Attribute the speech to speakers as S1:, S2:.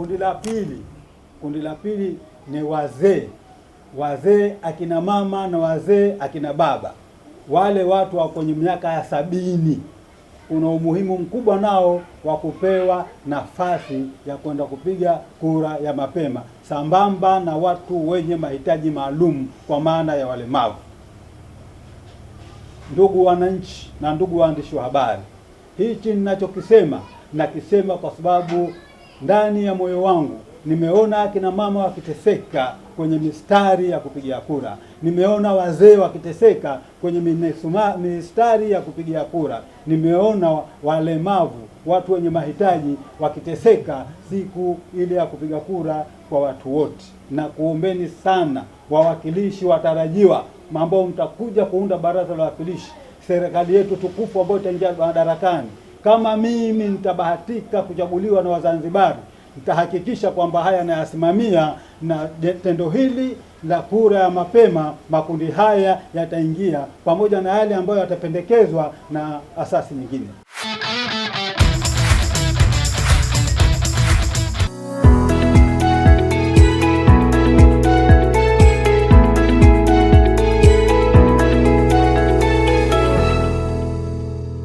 S1: Kundi la pili, kundi la pili ni wazee, wazee akina mama na wazee akina baba, wale watu wa kwenye miaka ya sabini. Kuna umuhimu mkubwa nao wa kupewa nafasi ya kwenda kupiga kura ya mapema, sambamba na watu wenye mahitaji maalum, kwa maana ya walemavu. Ndugu wananchi na ndugu waandishi wa habari, hichi ninachokisema nakisema kwa sababu ndani ya moyo wangu nimeona akina mama wakiteseka kwenye mistari ya kupigia kura, nimeona wazee wakiteseka kwenye minesuma, mistari ya kupigia kura, nimeona walemavu, watu wenye mahitaji wakiteseka siku ile ya kupiga kura kwa watu wote. Na kuombeni sana wawakilishi watarajiwa ambao mtakuja kuunda baraza la wawakilishi, serikali yetu tukufu ambayo itaingia madarakani kama mimi nitabahatika kuchaguliwa na Wazanzibari, nitahakikisha kwamba haya nayasimamia, na tendo hili la kura ya mapema makundi haya yataingia, pamoja na yale ambayo yatapendekezwa na asasi nyingine.